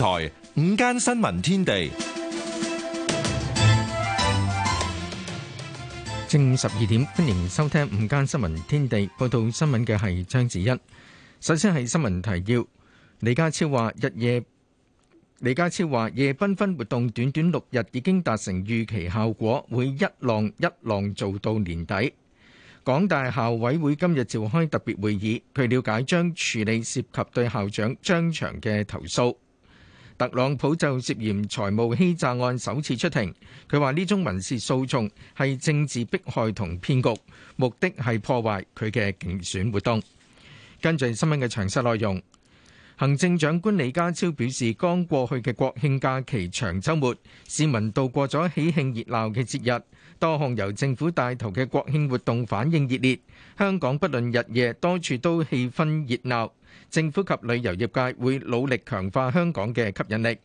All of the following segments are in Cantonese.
台五間新聞天地，正午十二點，歡迎收聽午間新聞天地。報道新聞嘅係張子欣。首先係新聞提要：李家超話日夜，李家超話夜繽紛活動短短六日已經達成預期效果，會一浪一浪做到年底。港大校委會今日召開特別會議，據了解將處理涉及對校長張翔嘅投訴。特朗普就涉嫌財務欺詐案首次出庭，佢話呢宗民事訴訟係政治迫害同騙局，目的係破壞佢嘅競選活動。跟住新聞嘅詳細內容，行政長官李家超表示，剛過去嘅國慶假期長週末，市民度過咗喜慶熱鬧嘅節日，多項由政府帶頭嘅國慶活動反應熱烈，香港不論日夜，多處都氣氛熱鬧。政府及旅遊業界會努力強化香港嘅吸引力。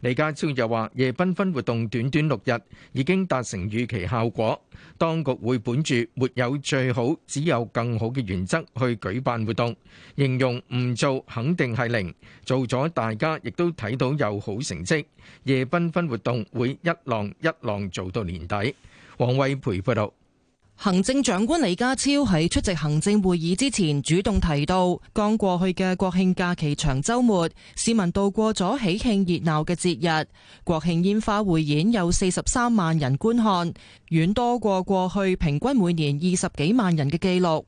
李家超又話：夜繽紛活動短短六日已經達成預期效果，當局會本住沒有最好，只有更好嘅原則去舉辦活動。形容唔做肯定係零，做咗大家亦都睇到有好成績。夜繽紛活動會一浪一浪做到年底。王惠培報道。行政長官李家超喺出席行政會議之前，主動提到，剛過去嘅國慶假期長週末，市民度過咗喜慶熱鬧嘅節日，國慶煙花匯演有四十三萬人觀看，遠多過過去平均每年二十幾萬人嘅紀錄。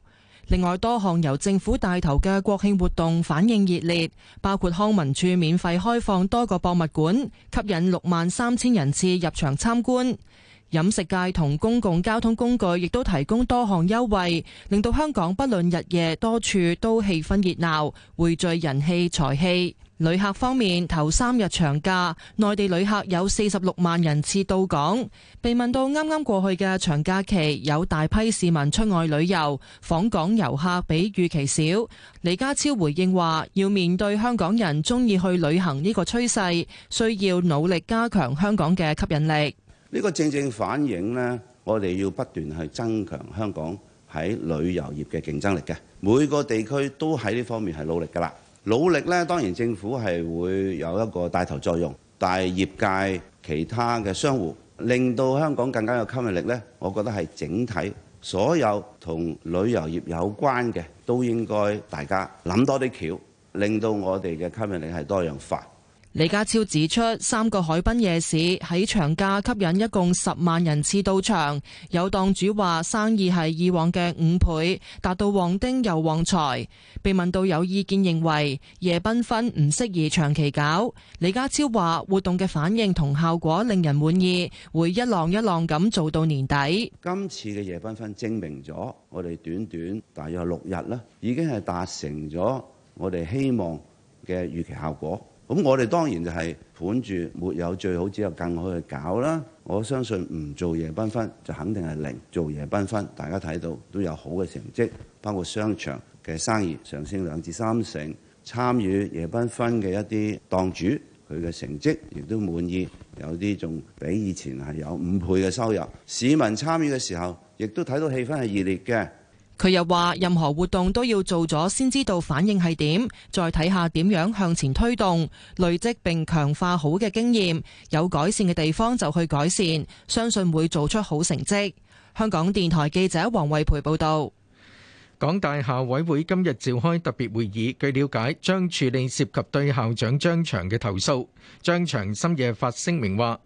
另外，多項由政府帶頭嘅國慶活動反應熱烈，包括康文署免費開放多個博物館，吸引六萬三千人次入場參觀。飲食界同公共交通工具亦都提供多項優惠，令到香港不論日夜多處都氣氛熱鬧，匯聚人氣財氣。旅客方面，頭三日長假，內地旅客有四十六萬人次到港。被問到啱啱過去嘅長假期，有大批市民出外旅遊，訪港遊客比預期少，李家超回應話，要面對香港人鍾意去旅行呢個趨勢，需要努力加強香港嘅吸引力。呢個正正反映呢，我哋要不斷去增強香港喺旅遊業嘅競爭力嘅。每個地區都喺呢方面係努力噶啦。努力咧，當然政府係會有一個帶頭作用，但係業界其他嘅商戶，令到香港更加有吸引力咧。我覺得係整體所有同旅遊業有關嘅，都應該大家諗多啲橋，令到我哋嘅吸引力係多樣化。李家超指出，三個海濱夜市喺長假吸引一共十萬人次到場，有檔主話生意係以往嘅五倍，達到旺丁又旺財。被問到有意見認為夜繽紛唔適宜長期搞，李家超話活動嘅反應同效果令人滿意，會一浪一浪咁做到年底。今次嘅夜繽紛證明咗，我哋短短大約六日啦，已經係達成咗我哋希望嘅預期效果。咁我哋當然就係本住沒有最好，只有更好去搞啦。我相信唔做夜繽紛就肯定係零，做夜繽紛大家睇到都有好嘅成績，包括商場嘅生意上升兩至三成，參與夜繽紛嘅一啲檔主佢嘅成績亦都滿意，有啲仲比以前係有五倍嘅收入。市民參與嘅時候，亦都睇到氣氛係熱烈嘅。佢又話：任何活動都要做咗先知道反應係點，再睇下點樣向前推動，累積並強化好嘅經驗，有改善嘅地方就去改善，相信會做出好成績。香港電台記者黃惠培報道，港大校委會今日召開特別會議，據了解將處理涉及對校長張翔嘅投訴。張翔深夜發聲明話。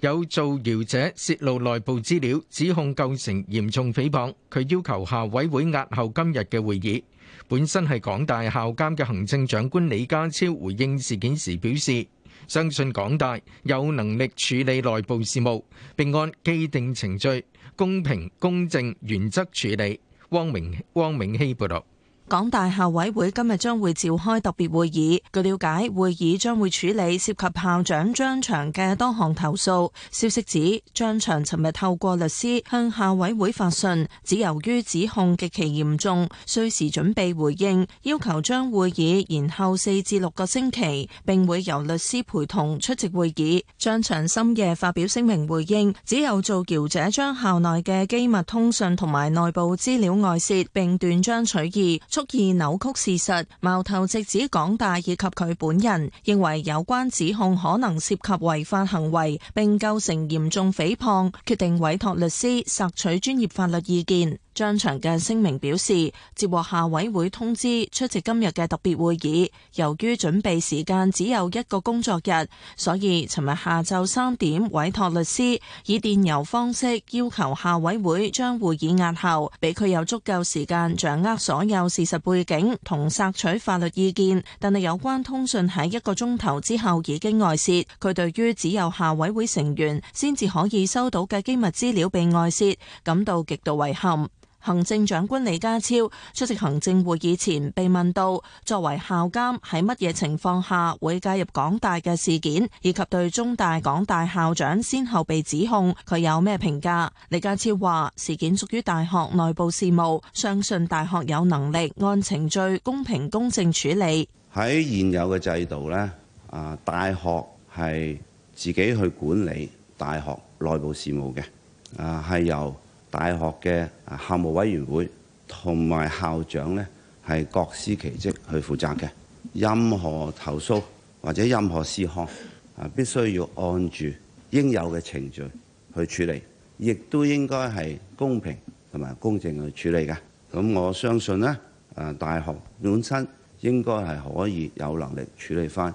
有造謠者洩露內部資料，指控構成嚴重誹謗，佢要求校委會押後今日嘅會議。本身係港大校監嘅行政長官李家超回應事件時表示，相信港大有能力處理內部事務，並按既定程序公平公正原則處理。汪明，汪明熙報道。港大校委會今日將會召開特別會議。據了解，會議將會處理涉及校長張翔嘅多項投訴。消息指，張翔尋日透過律師向校委會發信，只由於指控極其嚴重，需時準備回應，要求將會議延後四至六個星期，並會由律師陪同出席會議。張翔深夜發表聲明回應，只有造謠者將校內嘅機密通訊同埋內部資料外泄，並斷章取義。蓄意扭曲事實，矛頭直指港大以及佢本人，認為有關指控可能涉及違法行為，並構成嚴重誹謗，決定委託律師索取專業法律意見。張翔嘅聲明表示，接獲校委會通知出席今日嘅特別會議，由於準備時間只有一個工作日，所以尋日下晝三點委託律師以電郵方式要求校委會將會議押後，俾佢有足夠時間掌握所有事實背景同索取法律意見。但係有關通訊喺一個鐘頭之後已經外洩，佢對於只有校委會成員先至可以收到嘅機密資料被外洩，感到極度遺憾。行政長官李家超出席行政會議前被問到，作為校監喺乜嘢情況下會介入港大嘅事件，以及對中大、港大校長先後被指控，佢有咩評價？李家超話：事件屬於大學內部事務，相信大學有能力按程序公平公正處理。喺現有嘅制度呢，啊，大學係自己去管理大學內部事務嘅，啊，係由。大學嘅校務委員會同埋校長呢，係各司其職去負責嘅。任何投訴或者任何事項，啊，必須要按住應有嘅程序去處理，亦都應該係公平同埋公正去處理嘅。咁我相信呢，啊，大學本身應該係可以有能力處理返。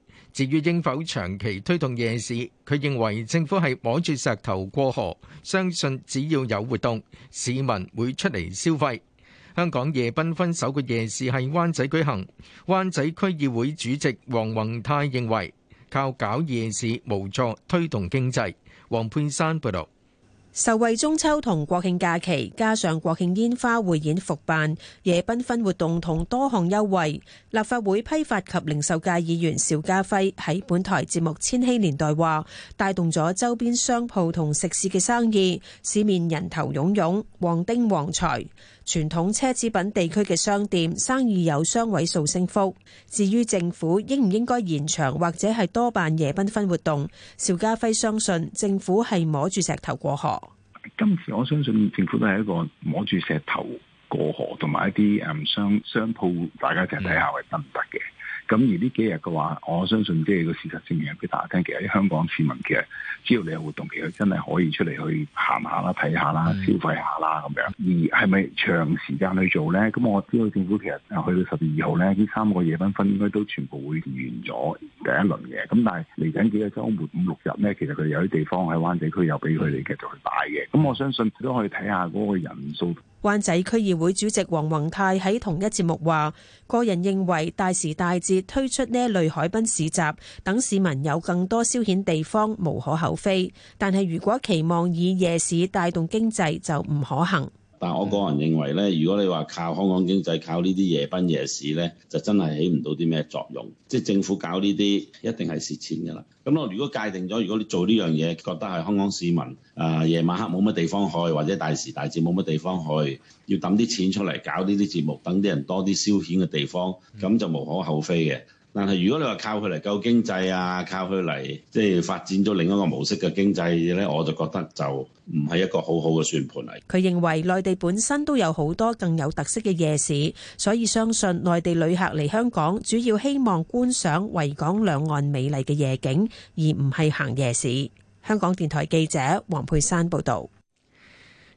至於應否長期推動夜市，佢認為政府係摸住石頭過河，相信只要有活動，市民會出嚟消費。香港夜繽紛首個夜市係灣仔舉行，灣仔區議會主席黃宏泰認為靠搞夜市無助推動經濟。黃佩山報道。受惠中秋同國慶假期，加上國慶煙花匯演復辦，夜繽紛活動同多項優惠，立法會批發及零售界議員邵家輝喺本台節目《千禧年代》話，帶動咗周邊商鋪同食肆嘅生意，市面人頭湧湧，旺丁旺財。傳統奢侈品地區嘅商店生意有雙位數升幅。至於政府應唔應該延長或者係多辦夜繽紛活動，邵家輝相信政府係摸住石頭過河。今次我相信政府都係一個摸住石頭過河，同埋一啲誒、嗯、商商鋪，大家一齊睇下係得唔得嘅。咁而呢幾日嘅話，我相信即係個事實證明，俾大家聽，其實啲香港市民其實只要你有活動，其實真係可以出嚟去行下啦、睇下啦、消費下啦咁樣。而係咪長時間去做咧？咁我知道政府其實去到十月二號咧，呢三個夜班分，分應該都全部會完咗第一輪嘅。咁但係嚟緊幾個周末五六日咧，其實佢有啲地方喺灣仔區又俾佢哋繼續去擺嘅。咁我相信都可以睇下嗰個人數。灣仔區議會主席黃宏泰喺同一節目話，個人認為大時大節推出呢類海濱市集，等市民有更多消遣地方，無可厚非。但係如果期望以夜市帶動經濟，就唔可行。但我個人認為咧，如果你話靠香港經濟，靠呢啲夜繽夜市咧，就真係起唔到啲咩作用。即係政府搞呢啲，一定係蝕錢㗎啦。咁我如果界定咗，如果你做呢樣嘢，覺得係香港市民啊夜、呃、晚黑冇乜地方去，或者大時大節冇乜地方去，要揼啲錢出嚟搞呢啲節目，等啲人多啲消遣嘅地方，咁就無可厚非嘅。但係如果你話靠佢嚟救經濟啊，靠佢嚟即係發展咗另一個模式嘅經濟呢，我就覺得就唔係一個好好嘅算盤嚟。佢認為內地本身都有好多更有特色嘅夜市，所以相信內地旅客嚟香港主要希望觀賞維港兩岸美麗嘅夜景，而唔係行夜市。香港電台記者黃佩珊報道。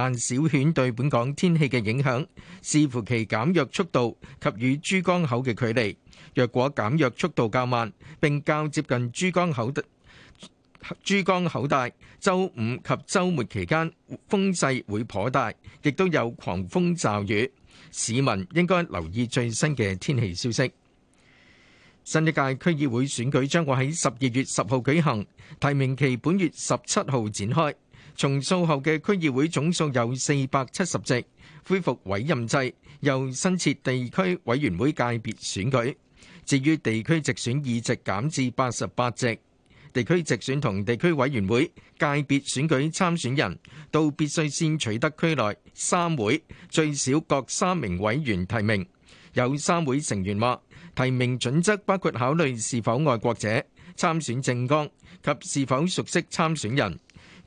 但小犬對本港天氣嘅影響視乎其減弱速度及與珠江口嘅距離。若果減弱速度較慢，並較接近珠江口，珠江口大，週五及週末期間風勢會頗大，亦都有狂風驟雨。市民應該留意最新嘅天氣消息。新一屆區議會選舉將會喺十二月十號舉行，提名期本月十七號展開。重塑後嘅區議會總數有四百七十席，恢復委任制，又新設地區委員會界別選舉。至於地區直選議席減至八十八席，地區直選同地區委員會界別選舉參選人都必須先取得區內三會最少各三名委員提名。有三會成員話，提名準則包括考慮是否愛國者、參選政綱及是否熟悉參選人。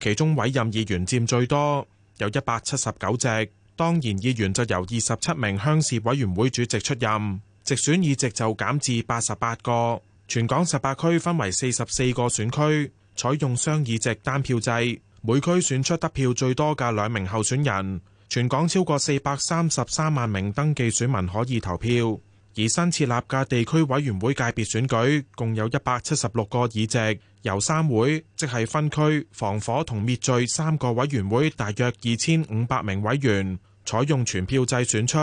其中委任議員佔最多，有一百七十九席。當然議員就由二十七名鄉事委員會主席出任。直選議席就減至八十八個。全港十八區分為四十四個選區，採用雙議席單票制，每區選出得票最多嘅兩名候選人。全港超過四百三十三萬名登記選民可以投票。而新設立嘅地區委員會界別選舉，共有一百七十六個議席，由三會，即係分區、防火同滅罪三個委員會，大約二千五百名委員，採用全票制選出。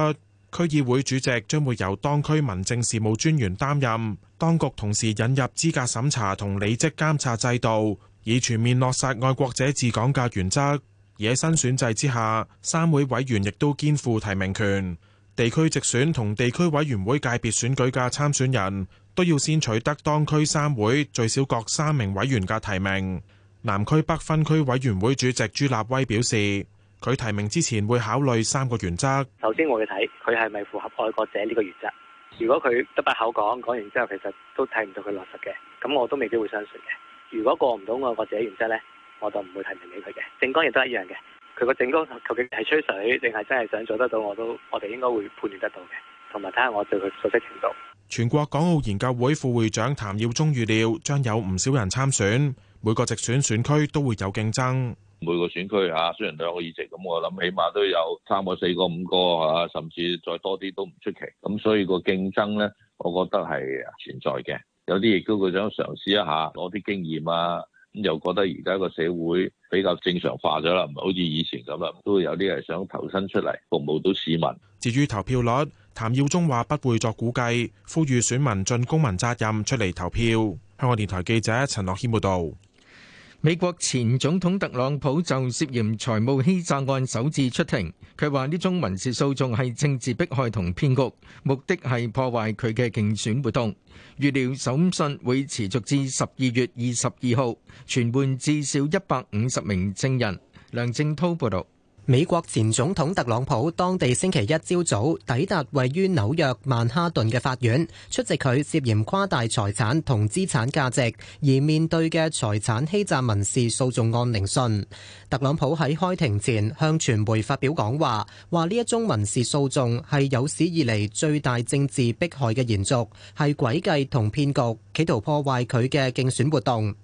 區議會主席將會由當區民政事務專員擔任。當局同時引入資格審查同履職監察制度，以全面落實愛國者治港嘅原則。而喺新選制之下，三會委員亦都肩負提名權。地區直選同地區委員會界別選舉嘅參選人都要先取得當區三會最少各三名委員嘅提名。南區北分區委員會主席朱立威表示，佢提名之前會考慮三個原則。首先我要睇佢係咪符合愛國者呢個原則。如果佢得把口講，講完之後其實都睇唔到佢落實嘅，咁我都未必會相信嘅。如果過唔到愛國者原則呢，我就唔會提名俾佢嘅。政綱亦都一樣嘅。佢個政綱究竟係吹水定係真係想做得到，我都我哋應該會判斷得到嘅，同埋睇下我對佢熟悉程度。全國港澳研究會副會長譚耀宗預料，將有唔少人參選，每個直選選區都會有競爭。每個選區吓，雖然都有個議席，咁我諗起碼都有三個、四個、五個啊，甚至再多啲都唔出奇。咁所以個競爭咧，我覺得係存在嘅。有啲亦都佢想嘗試一下，攞啲經驗啊。咁又覺得而家個社會比較正常化咗啦，唔係好似以前咁啦，都有啲係想投身出嚟服務到市民。至於投票率，譚耀宗話不會作估計，呼籲選民盡公民責任出嚟投票。香港電台記者陳樂軒報導。美國前總統特朗普就涉嫌財務欺詐案首次出庭，佢話呢宗民事訴訟係政治迫害同騙局，目的係破壞佢嘅競選活動。預料審訊會持續至十二月二十二號，傳喚至少一百五十名證人。梁正滔報道。美國前總統特朗普當地星期一朝早抵達位於紐約曼哈頓嘅法院，出席佢涉嫌誇大財產同資產價值而面對嘅財產欺詐民事訴訟案聆訊。特朗普喺開庭前向傳媒發表講話，話呢一宗民事訴訟係有史以嚟最大政治迫害嘅延續，係詭計同騙局，企圖破壞佢嘅競選活動。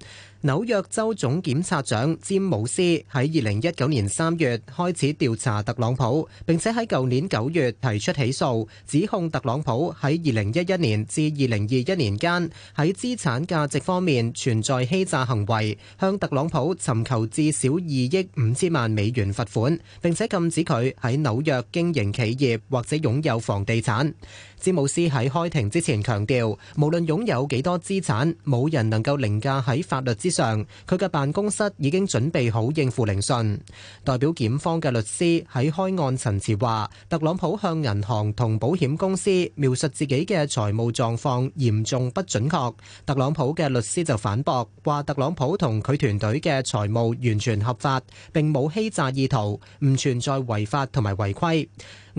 紐約州總檢察長詹姆斯喺二零一九年三月開始調查特朗普，並且喺舊年九月提出起訴，指控特朗普喺二零一一年至二零二一年間喺資產價值方面存在欺詐行為，向特朗普尋求至少二億五千萬美元罰款，並且禁止佢喺紐約經營企業或者擁有房地產。詹姆斯喺開庭之前強調，無論擁有幾多資產，冇人能夠凌駕喺法律之上。佢嘅辦公室已經準備好應付聆訊。代表檢方嘅律師喺開案陳詞話，特朗普向銀行同保險公司描述自己嘅財務狀況嚴重不準確。特朗普嘅律師就反駁，話特朗普同佢團隊嘅財務完全合法，並冇欺詐意圖，唔存在違法同埋違規。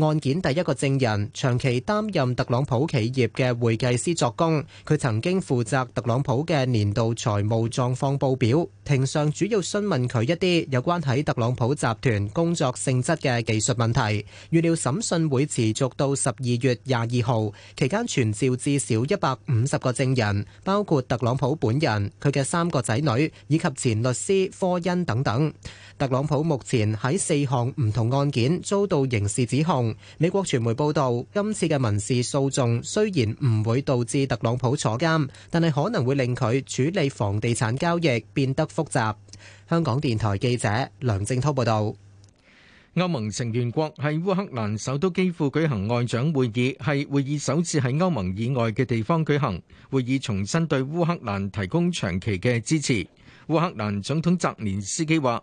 案件第一個證人長期擔任特朗普企業嘅會計師作工，佢曾經負責特朗普嘅年度財務狀況報表。庭上主要詢問佢一啲有關喺特朗普集團工作性質嘅技術問題，預料審訊會持續到十二月廿二號，期間傳召至少一百五十個證人，包括特朗普本人、佢嘅三個仔女以及前律師科恩等等。特朗普目前喺四項唔同案件遭到刑事指控。美國傳媒報道，今次嘅民事訴訟雖然唔會導致特朗普坐監，但係可能會令佢處理房地產交易變得複雜。香港電台記者梁正濤報道。歐盟成員國系烏克蘭首都基輔舉行外長會議，係會議首次喺歐盟以外嘅地方舉行。會議重新對烏克蘭提供長期嘅支持。烏克蘭總統澤連斯基話。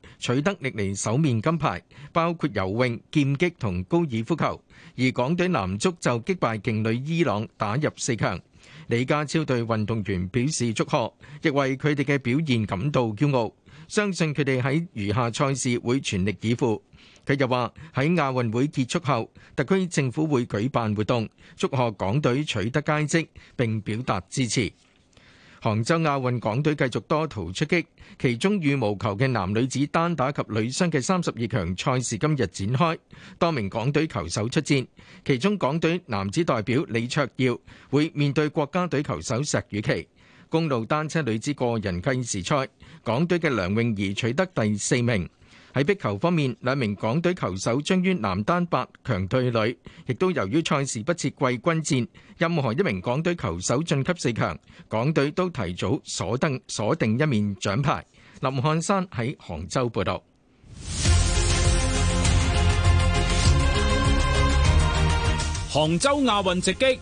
取得歷嚟首面金牌，包括游泳、劍擊同高爾夫球，而港隊男足就擊敗勁旅伊朗，打入四強。李家超對運動員表示祝賀，亦為佢哋嘅表現感到驕傲，相信佢哋喺餘下賽事會全力以赴。佢又話：喺亞運會結束後，特區政府會舉辦活動，祝賀港隊取得佳績，並表達支持。杭州亞運港隊繼續多途出擊，其中羽毛球嘅男女子單打及女雙嘅三十二強賽事今日展開，多名港隊球手出戰，其中港隊男子代表李卓耀會面對國家隊球手石宇奇。公路單車女子個人計時賽，港隊嘅梁泳怡取得第四名。喺壁球方面，兩名港隊球手將於男單八強對壘，亦都由於賽事不設季軍戰，任何一名港隊球手晉級四強，港隊都提早鎖登鎖定一面獎牌。林漢山喺杭州報導。杭州亞運直擊。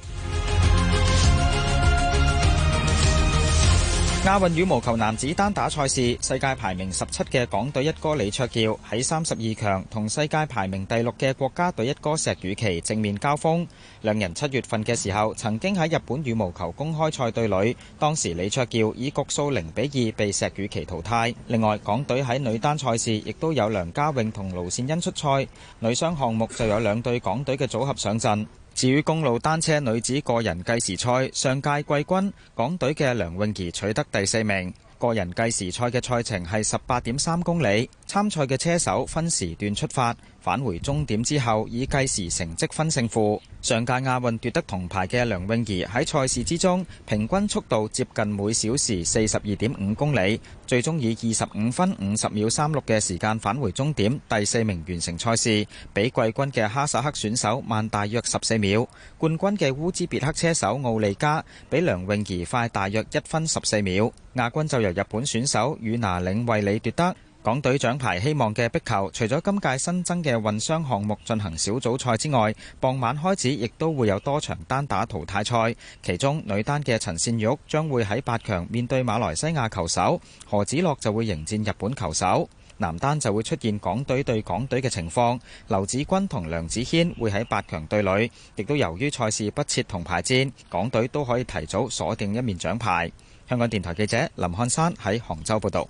亞運羽毛球男子單打賽事，世界排名十七嘅港隊一哥李卓耀喺三十二強同世界排名第六嘅國家隊一哥石宇奇正面交鋒。兩人七月份嘅時候曾經喺日本羽毛球公開賽對壘，當時李卓耀以局數零比二被石宇奇淘汰。另外，港隊喺女單賽事亦都有梁家穎同盧善恩出賽，女雙項目就有兩隊港隊嘅組合上陣。至於公路單車女子個人計時賽，上屆季軍港隊嘅梁泳儀取得第四名。個人計時賽嘅賽程係十八點三公里，參賽嘅車手分時段出發。返回終點之後，以計時成績分勝負。上屆亞運奪得銅牌嘅梁詠儀喺賽事之中平均速度接近每小時四十二點五公里，最終以二十五分五十秒三六嘅時間返回終點，第四名完成賽事，比季軍嘅哈薩克選手慢大約十四秒。冠軍嘅烏茲別克車手奧利加比梁詠儀快大約一分十四秒。亞軍就由日本選手與那嶺惠理奪得。港隊獎牌希望嘅壁球，除咗今屆新增嘅混雙項目進行小組賽之外，傍晚開始亦都會有多場單打淘汰賽。其中女單嘅陳善玉將會喺八強面對馬來西亞球手，何子樂就會迎戰日本球手，男單就會出現港隊對港隊嘅情況。劉子君同梁子軒會喺八強對壘，亦都由於賽事不設銅牌戰，港隊都可以提早鎖定一面獎牌。香港電台記者林漢山喺杭州報導。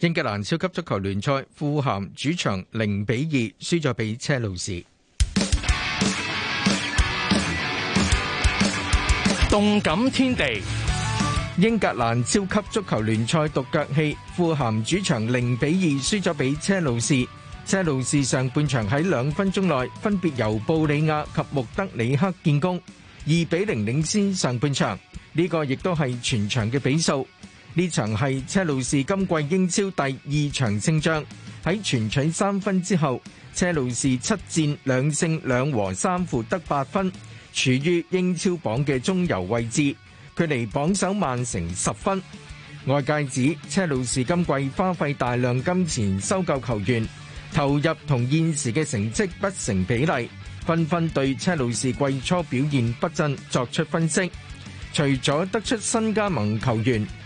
英格蘭超級足球聯賽，富咸主場零比二輸咗俾車路士。動感天地，英格蘭超級足球聯賽獨腳戲，富咸主場零比二輸咗俾車路士。車路士上半場喺兩分鐘內分別由布里亞及穆德里克建功，二比零領先上半場。呢個亦都係全場嘅比數。呢場係車路士今季英超第二場勝仗，喺全取三分之後，車路士七戰兩勝兩和三負得八分，處於英超榜嘅中游位置，距離榜首曼城十分。外界指車路士今季花費大量金錢收購球員，投入同現時嘅成績不成比例，紛紛對車路士季初表現不振作出分析。除咗得出新加盟球員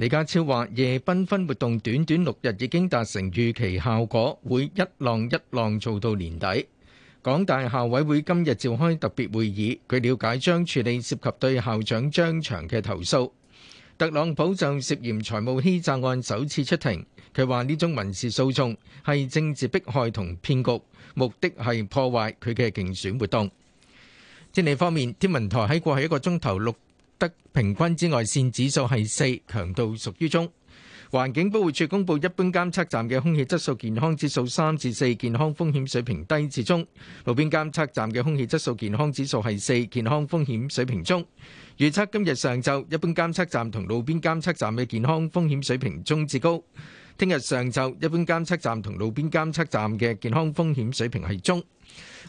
李家超話：夜繽紛活動短短六日已經達成預期效果，會一浪一浪做到年底。港大校委會今日召開特別會議，據瞭解將處理涉及對校長張翔嘅投訴。特朗普就涉嫌財務欺詐案首次出庭，佢話呢宗民事訴訟係政治迫害同騙局，目的係破壞佢嘅競選活動。政治方面，天文台喺過去一個鐘頭六得平均紫外線指數係四，強度屬於中。環境保護署公布一般監測站嘅空氣質素健康指數三至四，健康風險水平低至中。路邊監測站嘅空氣質素健康指數係四，健康風險水平中。預測今日上晝一般監測站同路邊監測站嘅健康風險水平中至高。聽日上晝，一般監測站同路邊監測站嘅健康風險水平係中。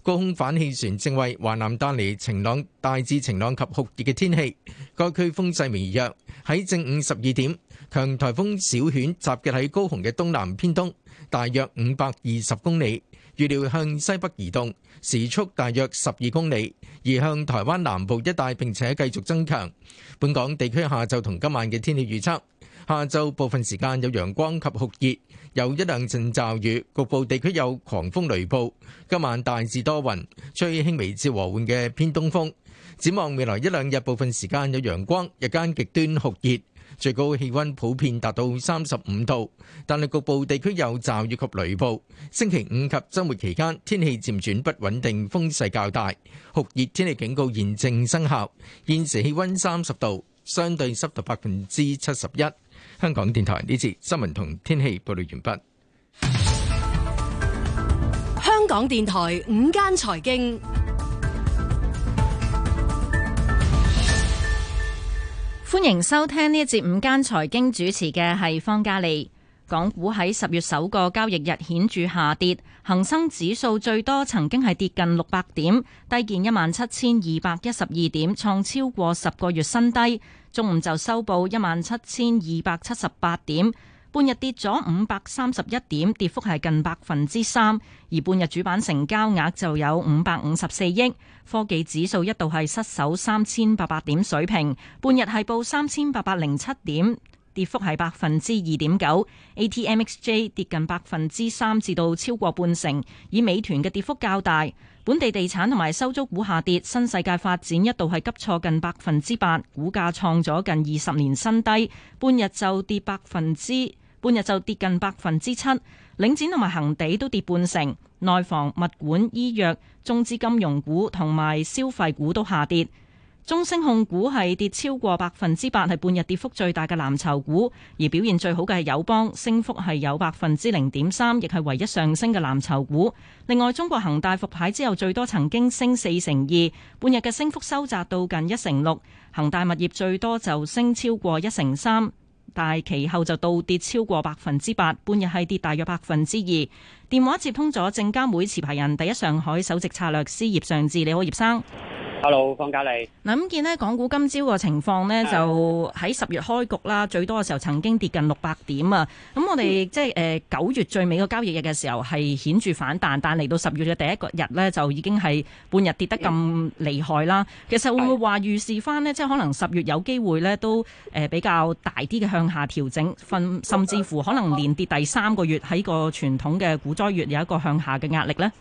高空反氣旋正為華南帶嚟晴朗、大致晴朗及酷熱嘅天氣，該區風勢微弱。喺正午十二點，強台風小犬集結喺高雄嘅東南偏東，大約五百二十公里，預料向西北移動，時速大約十二公里，移向台灣南部一帶，並且繼續增強。本港地區下晝同今晚嘅天氣預測。下晝部分時間有陽光及酷熱，有一兩陣驟雨，局部地區有狂風雷暴。今晚大致多雲，吹輕微至和緩嘅偏東風。展望未來一兩日，部分時間有陽光，日間極端酷熱，最高氣溫普遍達到三十五度，但係局部地區有驟雨及雷暴。星期五及周末期間，天氣漸轉不穩定，風勢較大。酷熱天氣警告現正生效，現時氣溫三十度，相對濕度百分之七十一。香港電台呢節新聞同天氣報道完畢。香港電台午間財經，歡迎收聽呢一節午間財經主持嘅係方嘉利。港股喺十月首個交易日顯著下跌。恒生指數最多曾經係跌近六百點，低見一萬七千二百一十二點，創超過十個月新低。中午就收報一萬七千二百七十八點，半日跌咗五百三十一點，跌幅係近百分之三。而半日主板成交額就有五百五十四億。科技指數一度係失守三千八百點水平，半日係報三千八百零七點。跌幅係百分之二點九，ATMXJ 跌近百分之三至到超過半成，以美團嘅跌幅較大。本地地產同埋收租股下跌，新世界發展一度係急挫近百分之八，股價創咗近二十年新低。半日就跌百分之，半日就跌近百分之七。領展同埋恒地都跌半成，內房、物管、醫藥、中資金融股同埋消費股都下跌。中升控股係跌超過百分之八，係半日跌幅最大嘅藍籌股，而表現最好嘅係友邦，升幅係有百分之零點三，亦係唯一上升嘅藍籌股。另外，中國恒大復牌之後最多曾經升四成二，半日嘅升幅收窄到近一成六。恒大物業最多就升超過一成三，但係其後就倒跌超過百分之八，半日係跌大約百分之二。電話接通咗證監會持牌人第一上海首席策略師葉尚志，你好，葉生。Hello，方嘉利。嗱咁見呢，港股今朝個情況呢，就喺十月開局啦，最多嘅時候曾經跌近六百點啊。咁我哋、嗯、即係誒九月最尾個交易日嘅時候係顯著反彈，但嚟到十月嘅第一個日呢，就已經係半日跌得咁厲害啦。嗯、其實會唔會話預示翻呢？即係可能十月有機會呢，都誒比較大啲嘅向下調整，分甚至乎可能連跌第三個月喺個傳統嘅股。多月有一個向下嘅壓力咧？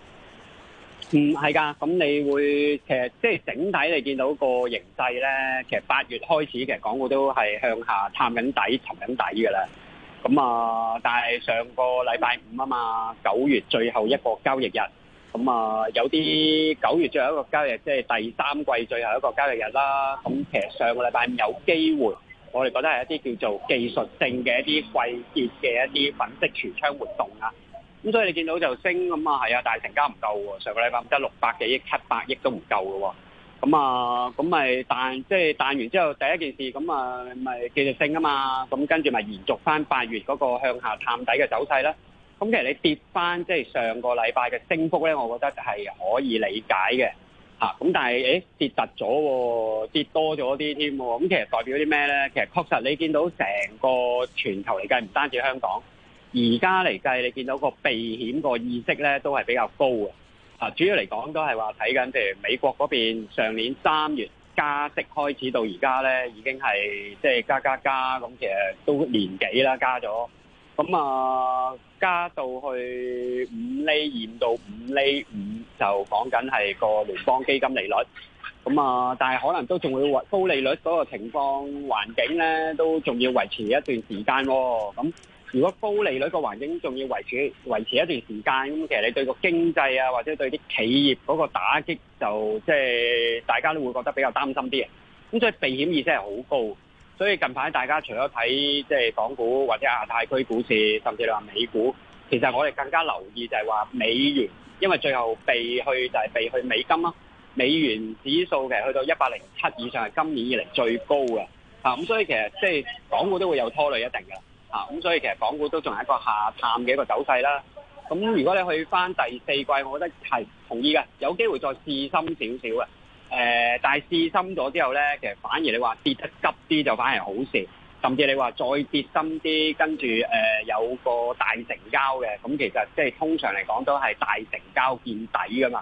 嗯，係噶，咁你會其實即係整體你見到個形勢咧，其實八月開始其實港股都係向下探緊底、沉緊底噶啦。咁啊，但係上個禮拜五啊嘛，九月最後一個交易日，咁啊有啲九月最後一個交易日即係、就是、第三季最後一個交易日啦。咁其實上個禮拜五有機會，我哋覺得係一啲叫做技術性嘅一啲季節嘅一啲粉飾櫥窗活動啊。咁所以你見到就升，咁啊，係啊，但係成交唔夠喎。上個禮拜得六百幾億、七百億都唔夠嘅喎。咁啊，咁咪彈，即係彈完之後第一件事，咁啊，咪繼續升啊嘛。咁跟住咪延續翻八月嗰個向下探底嘅走勢啦。咁其實你跌翻即係上個禮拜嘅升幅咧，我覺得就係可以理解嘅嚇。咁、啊、但係誒、欸、跌突咗，跌多咗啲添。咁其實代表啲咩咧？其實確實你見到成個全球嚟計，唔單止香港。而家嚟計，你見到個避險個意識咧，都係比較高嘅。啊，主要嚟講都係話睇緊，譬如美國嗰邊上年三月加息開始到而家咧，已經係即係加加加咁，其實都年幾啦，加咗。咁啊，加到去五厘二到五厘五，就講緊係個聯邦基金利率。咁啊，但係可能都仲會維高利率嗰個情況環境咧，都仲要維持一段時間喎。咁如果高利率個環境仲要維持維持一段時間，咁其實你對個經濟啊，或者對啲企業嗰個打擊就，就即係大家都會覺得比較擔心啲嘅。咁所以避險意識係好高，所以近排大家除咗睇即係港股或者亞太區股市，甚至你話美股，其實我哋更加留意就係話美元，因為最後避去就係避去美金咯。美元指數其實去到一百零七以上係今年以嚟最高嘅，嚇咁所以其實即係港股都會有拖累一定嘅。啊，咁所以其實港股都仲係一個下探嘅一個走勢啦。咁、嗯、如果你去翻第四季，我覺得係同意嘅，有機會再試深少少嘅。誒、呃，但係試深咗之後咧，其實反而你話跌得急啲就反而好事，甚至你話再跌深啲，跟住誒有個大成交嘅，咁、嗯、其實即係通常嚟講都係大成交見底㗎嘛。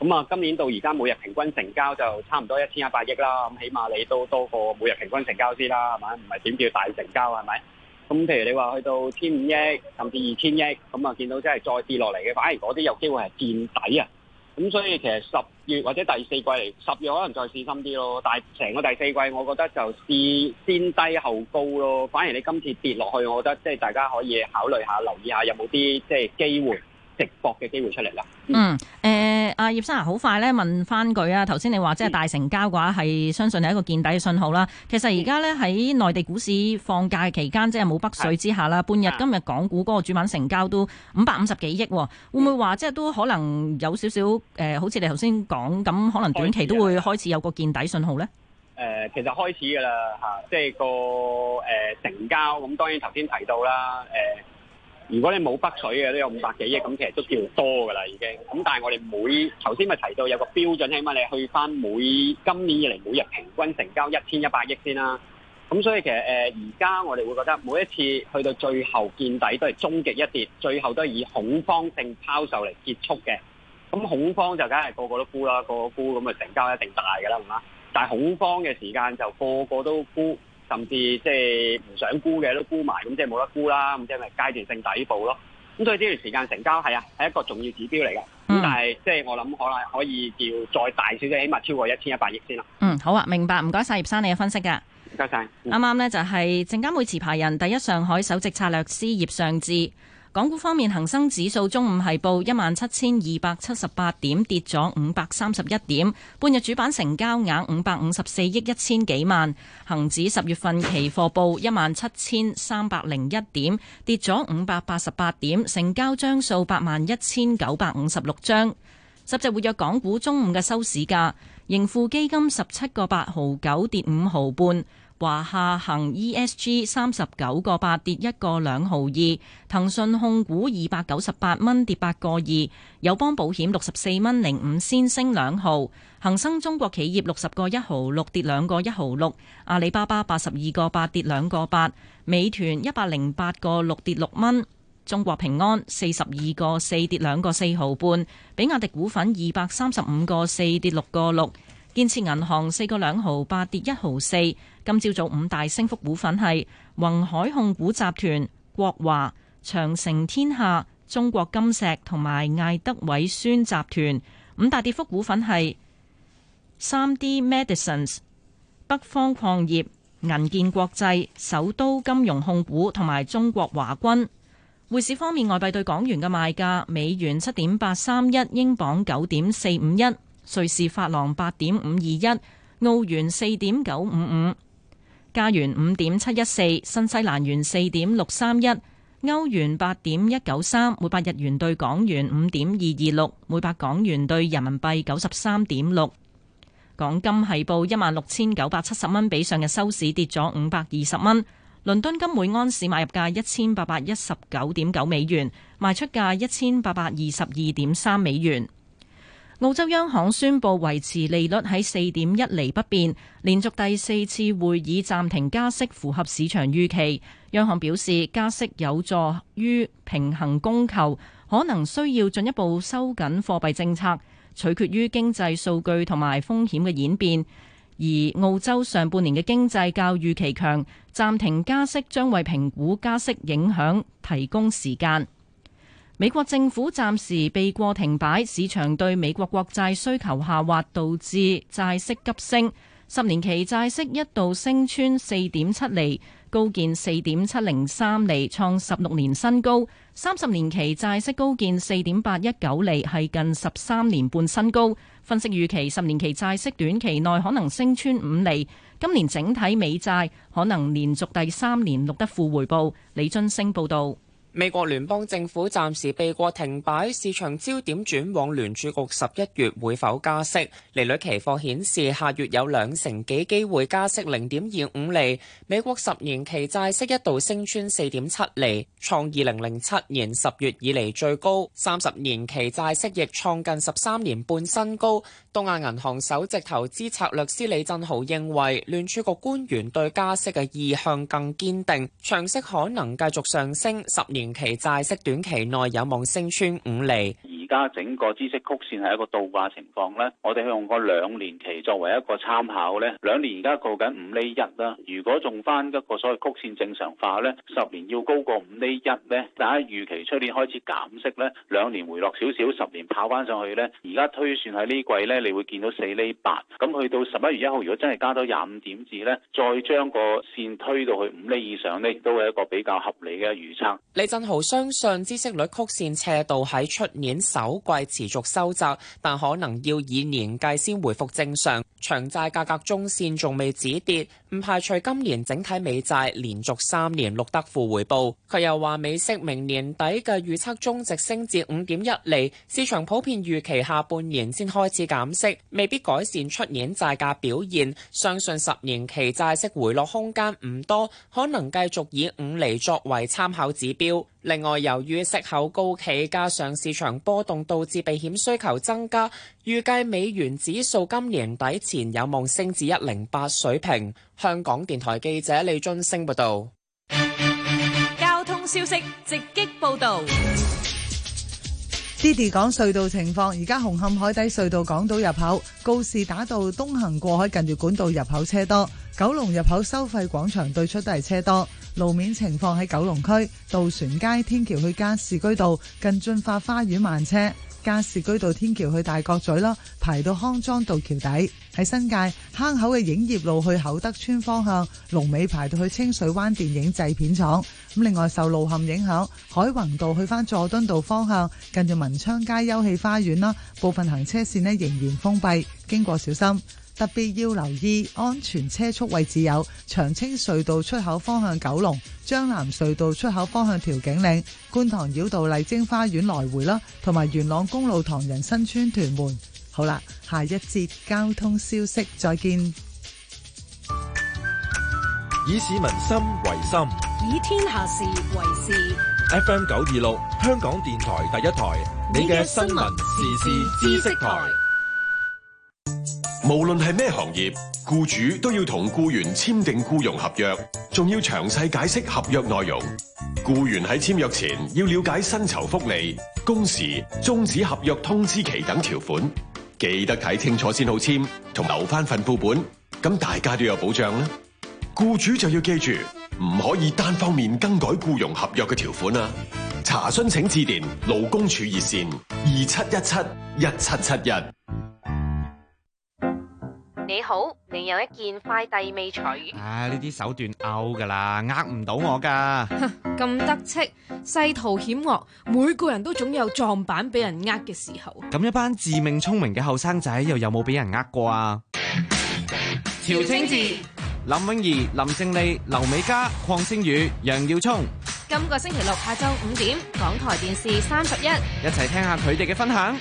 咁、嗯、啊，今年到而家每日平均成交就差唔多一千一百億啦。咁、嗯、起碼你都多過每日平均成交先啦，係咪？唔係點叫大成交，係咪？咁譬如你話去到千五億甚至二千億，咁啊見到即係再跌落嚟嘅，反而嗰啲有機會係見底啊。咁所以其實十月或者第四季，十月可能再小心啲咯。但係成個第四季，我覺得就試先低後高咯。反而你今次跌落去，我覺得即係大家可以考慮下，留意下有冇啲即係機會。直播嘅機會出嚟啦。嗯，誒、呃，阿葉生啊，好快咧問翻句啊，頭先你話即係大成交嘅話，係、嗯、相信係一個見底嘅信號啦。其實而家咧喺內地股市放假期間，即係冇北水之下啦，半是日今日港股嗰個主板成交都五百五十幾億，是會唔會話即係都可能有少少誒，好似你頭先講咁，可能短期都會開始有個見底信號咧？誒、呃，其實開始噶啦嚇，即係個誒、呃、成交。咁當然頭先提到啦，誒、呃。如果你冇北水嘅都有五百幾億，咁其實都叫多噶啦，已經。咁但係我哋每頭先咪提到有個標準，起碼你去翻每今年以嚟每日平均成交一千一百億先啦。咁所以其實誒，而、呃、家我哋會覺得每一次去到最後見底都係終極一跌，最後都係以恐慌性拋售嚟結束嘅。咁恐慌就梗係個個都沽啦，個個沽咁咪成交一定大㗎啦，係嘛？但係恐慌嘅時間就個個都沽。甚至即係唔想沽嘅都沽埋，咁即係冇得沽啦，咁即係階段性底部咯。咁所以呢段時間成交係啊係一個重要指標嚟嘅，咁、嗯、但係即係我諗可能可以調再大少少，起碼超過一千一百億先啦。嗯，好啊，明白。唔該晒葉生你嘅分析㗎。唔該曬。啱啱咧就係證監會持牌人第一上海首席策略師葉尚志。港股方面，恒生指數中午係報一萬七千二百七十八點，跌咗五百三十一點。半日主板成交額五百五十四億一千幾萬。恒指十月份期貨報一萬七千三百零一點，跌咗五百八十八點，成交張數八萬一千九百五十六張。十隻活躍港股中午嘅收市價，盈富基金十七個八毫九，跌五毫半。華夏行 ESG 三十九個八跌一個兩毫二，騰訊控股二百九十八蚊跌八個二，友邦保險六十四蚊零五先升兩毫，恒生中國企業六十個一毫六跌兩個一毫六，6, 阿里巴巴八十二個八跌兩個八，8, 美團一百零八個六跌六蚊，6. 6, 中國平安四十二個四跌兩個四毫半，5, 比亞迪股份二百三十五個四跌六個六，6. 6, 建設銀行四個兩毫八跌一毫四。今朝早五大升幅股份係宏海控股集團、國華、長城天下、中國金石同埋艾德偉宣集團。五大跌幅股份係三 D Medicines、北方礦業、銀建國際、首都金融控股同埋中國華軍。匯市方面，外幣對港元嘅賣價：美元七點八三一，英鎊九點四五一，瑞士法郎八點五二一，澳元四點九五五。加元五點七一四，14, 新西蘭元四點六三一，歐元八點一九三，每百日元兌港元五點二二六，每百港元兌人民幣九十三點六。港金係報一萬六千九百七十蚊，比上日收市跌咗五百二十蚊。倫敦金每安士買入價一千八百一十九點九美元，賣出價一千八百二十二點三美元。澳洲央行宣佈維持利率喺四點一厘不變，連續第四次會議暫停加息，符合市場預期。央行表示，加息有助於平衡供求，可能需要進一步收緊貨幣政策，取決於經濟數據同埋風險嘅演變。而澳洲上半年嘅經濟較預期強，暫停加息將為評估加息影響提供時間。美國政府暫時避過停擺，市場對美國國債需求下滑，導致債息急升。十年期債息一度升穿四點七厘，高見四點七零三厘，創十六年新高。三十年期債息高見四點八一九厘，係近十三年半新高。分析預期，十年期債息短期內可能升穿五厘。今年整體美債可能連續第三年錄得負回報。李津升報道。美國聯邦政府暫時避過停擺，市場焦點轉往聯儲局十一月會否加息。利率期貨顯示，下月有兩成幾機會加息零點二五厘。美國十年期債息一度升穿四點七厘，創二零零七年十月以嚟最高。三十年期債息亦創近十三年半新高。東亞銀行首席投資策略師李振豪認為，聯儲局官員對加息嘅意向更堅定，長息可能繼續上升，十年期債息短期內有望升穿五厘。而家整個孳息曲線係一個倒掛情況呢，我哋用個兩年期作為一個參考呢，兩年而家告緊五厘一啦。如果仲翻一個所謂曲線正常化呢，十年要高過五厘一呢。但係預期出年開始減息呢，兩年回落少少，十年跑翻上去呢，而家推算喺呢季呢。你會見到四厘八，咁去到十一月一號，如果真係加多廿五點子呢，再將個線推到去五厘以上咧，都係一個比較合理嘅預測。李振豪相信孳息率曲線斜度喺出年首季持續收窄，但可能要以年計先回復正常。長債價格中線仲未止跌，唔排除今年整體美債連續三年錄得負回報。佢又話美息明年底嘅預測中值升至五點一厘，市場普遍預期下半年先開始減。未必改善出年債價表現，相信十年期債息回落空間唔多，可能繼續以五厘作為參考指標。另外，由於息口高企，加上市場波動，導致避險需求增加，預計美元指數今年底前有望升至一零八水平。香港電台記者李津升報道。交通消息直擊報道。d i d y 講隧道情況，而家紅磡海底隧道港島入口、告士打道東行過海近住管道入口車多，九龍入口收費廣場對出都地車多。路面情況喺九龍區渡船街天橋去嘉市居道近駿發花園慢車。加士居道天橋去大角咀啦，排到康莊道橋底；喺新界坑口嘅影業路去厚德村方向，龍尾排到去清水灣電影製片廠。咁另外受路陷影響，海泓道去翻佐敦道方向，近住文昌街休憩花園啦，部分行車線咧仍然封閉，經過小心。特別要留意安全車速位置，有長青隧道出口方向九龍、張南隧道出口方向調景嶺、觀塘繞道麗晶花園來回啦，同埋元朗公路唐人新村屯門。好啦，下一節交通消息，再見。以市民心為心，以天下事為事。FM 九二六，26，香港電台第一台，你嘅新聞時事知識台。無論係咩行業，僱主都要同僱員簽訂僱傭合約，仲要詳細解釋合約內容。僱員喺簽約前要了解薪酬、福利、工時、終止合約通知期等條款，記得睇清楚先好簽，同留翻份副本，咁大家都有保障啦。僱主就要記住，唔可以單方面更改僱傭合約嘅條款啦。查詢請致電勞工處熱線二七一七一七七一。你好，你有一件快遞未取。唉，呢啲手段嘔噶啦，呃唔到我噶。咁得戚，世途險惡，每個人都總有撞板俾人呃嘅時候。咁一班自命聰明嘅後生仔，又有冇俾人呃過啊？朝清志、林允兒、林靜麗、劉美嘉、鄺星宇、楊耀聰。今個星期六下晝五點，港台電視三十一，一齊聽下佢哋嘅分享。